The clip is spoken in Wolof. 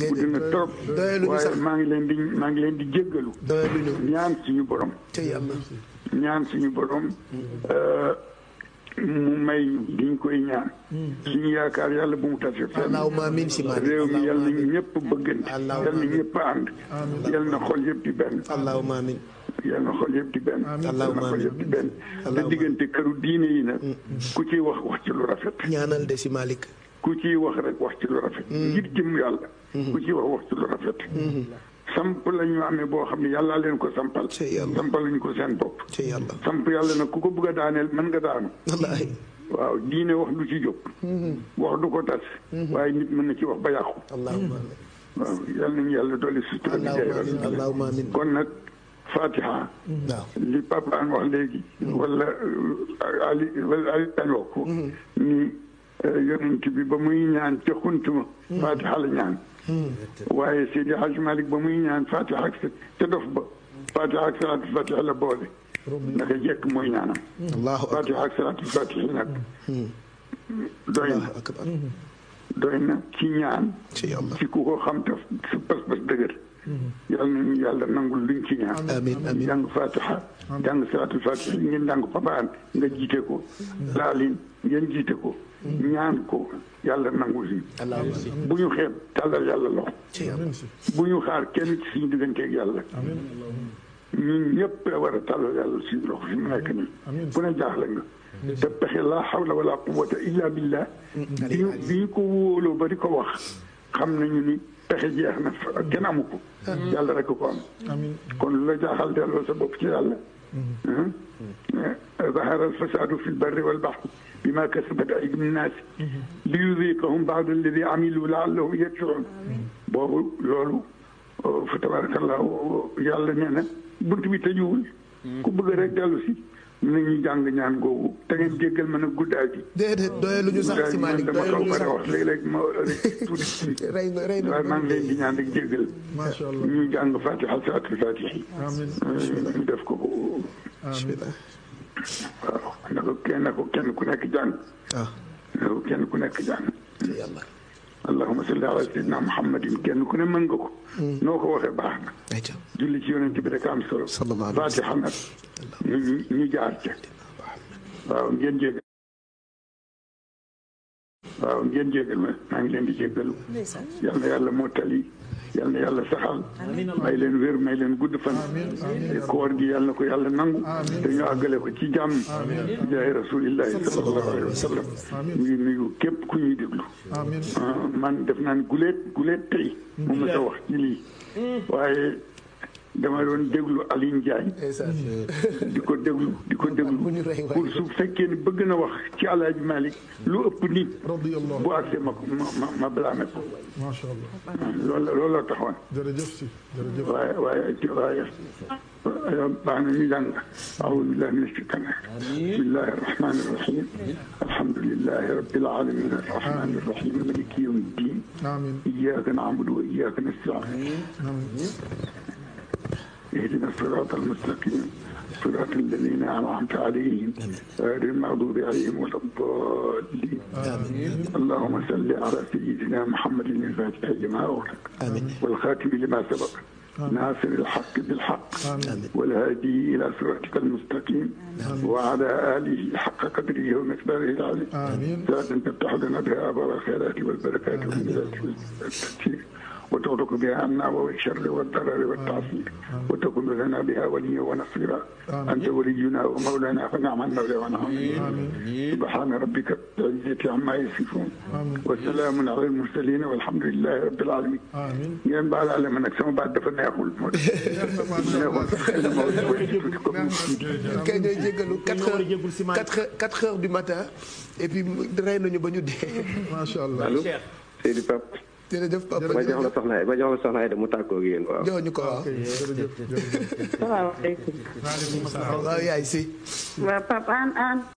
gudd na trop maa ngi leen di maa ngi leen di jéggalu ñaan suñu borom ñaan suñu borom euh, mu may diñ koy ñaan hmm. suñu yaakaar yàlla bu mu tase fenn réew mi yàlla na ñëpp bëggante yàlla na ñëpp ànd yàlla na xol yëpp di benn yàlla na xol yëpp di benn yàlla na xol yëpp di benn te diggante këru diine yi nag hmm. ku ci wax wax ci lu rafet ñaanal de si Malick ku ciy wax rek wax ci lu rafet. Mm-hmm. ngir jëm yàlla. Mm-hmm. ku ciy wax wax ci lu rafet. Mm-hmm. samp la ñu amee boo xam ne yàllaa leen ko sampal. sampal lañu ko seen bopp. samp yàlla nag ku ko bëgg a daaneel mën nga daanu. waaw diine wax du ci jóg. wax du ko tas. waaye nit mën na ci wax ba yàqu. waaw yal nañu yàlla dolli sutura bi allahumma amiin kon nag fatiha li papa an wax léegi. wala uh, Ali wala Ali Tan wax ko ni يرن تبي بمين يعني تخون تما فاتح لي يعني وهي سيدي حاج مالك بمين يعني فاتح أكثر تدف فاتح أكثر لا تفتح له بولي مين يعني الله أكبر فاتح أكثر لا تفتح هناك دوينة دوينة كي يعني كي الله كي بس بس دقر yal nañu yàlla nangul luñ ci ñaan. amiin amiin jàng Fatiha. jàng salaatul Fatiha ngeen jàng papaan nga jiite ko. laalin ngeen jiite ko. ñaan ko yàlla nangu si bu ñu xeeb tàllal yàlla loxo bu ñu xaar kenn ci suñu digganteeg yàlla ñun ñëpp a war a tàllal yàlla suñu loxo fi mu nekk nii bu ne jaaxle nga te pexe laa hawla wala quwwata illa billah bi ñu ko wóoloo ba di ko wax ظهر الفساد في البر والبحر بما كسبت أيدي الناس ليذيقهم بعض الذي عملوا لعله يرجعون بابو لولو فتبارك الله يالله نانا بنت بي تجول كو بغي na ñu jàng ñaan googu te ngeen jéggal ma nag guddaay bi. déedéet doyalu ñu sax si Malick doyalu ñu sax wax léeg-léeg ma tuuti rey na rey na waaye maa ngi leen di ñaan rek jéggal. macha allah ñu jàng Fatiha salaatul Faatihi. amiin ñu def ko ko. amiin waaw na ko kenn na ko kenn ku nekk jàng. waaw ah. na ko kenn ku nekk jàng. yàlla. allahumma salli ala sayyidina muhammadin kenn ku ne mën nga ko. Mm. noo ko waxee baax na. julli ci yonent bi rek am solo. fatiha nag ñu ñu jaar ca waaw ngeen jégal waaw ngeen jégal ma maa ngi leen di jégalu yal na yàlla mottali yal na yàlla saxal may leen wér may leen gudd fan koor gi yal na ko yàlla nangu te ñu àggale ko ci jàmm bi jaay rasulillahi sallallahu alayhi wa sallam ñu nuyu képp ku ñuy déglu ah, man def naan guleet guleet tey hmm. moom ma sa wax ci lii hmm. waaye dama doon déglu Aline Ndiaye di ko déglu di ko déglu pour su fekkee ne bëgg na wax ci Alaaji Malick lu ëpp nit bu àggsee ma ma ma blâme ko macha allah loolu la loolu la taxoon jërëjëf si jërëjëf waaye waaye ci waaye baax na ñu jàng أعوذ بالله من الشيطان بسم الله الرحمن الرحيم الحمد لله رب العالمين الرحمن الرحيم مالك يوم الدين آمين إياك نعبد وإياك نستعين آمين اهدنا الصراط المستقيم صراط الذين أنعمت عليهم غير المغضوب عليهم ولا الضالين اللهم صل على سيدنا محمد الفاتح لما أغلق والخاتم لما سبق ناصر الحق بالحق والهادي إلى صراطك المستقيم وعلى آله حق قدره ومقداره العظيم آمين تفتح لنا بها أبواب الخيرات والبركات والميلاد والتكفير وتغرق بها النار والشر والضرر والتعصيب وتكون لنا بها وليا ونصيرا أنت ولينا ومولانا فنعم المولى ونعم سبحان ربك العزة عما يصفون وسلام على المرسلين والحمد لله رب العالمين يعني بعد علم من أكسم بعد دفن يقول kay day jégalu quatre heures quatre heures du matin et puis rey nañu ba ñu dee. allah allo Seydou Pape jërëjëf papa ba jox la soxna ba jox la soxna Aida mu tàggoog yéen waaw. jox ñu ko waaw. salaamaaleykum. waaleykum salaam. waaw si. waaw papa an an.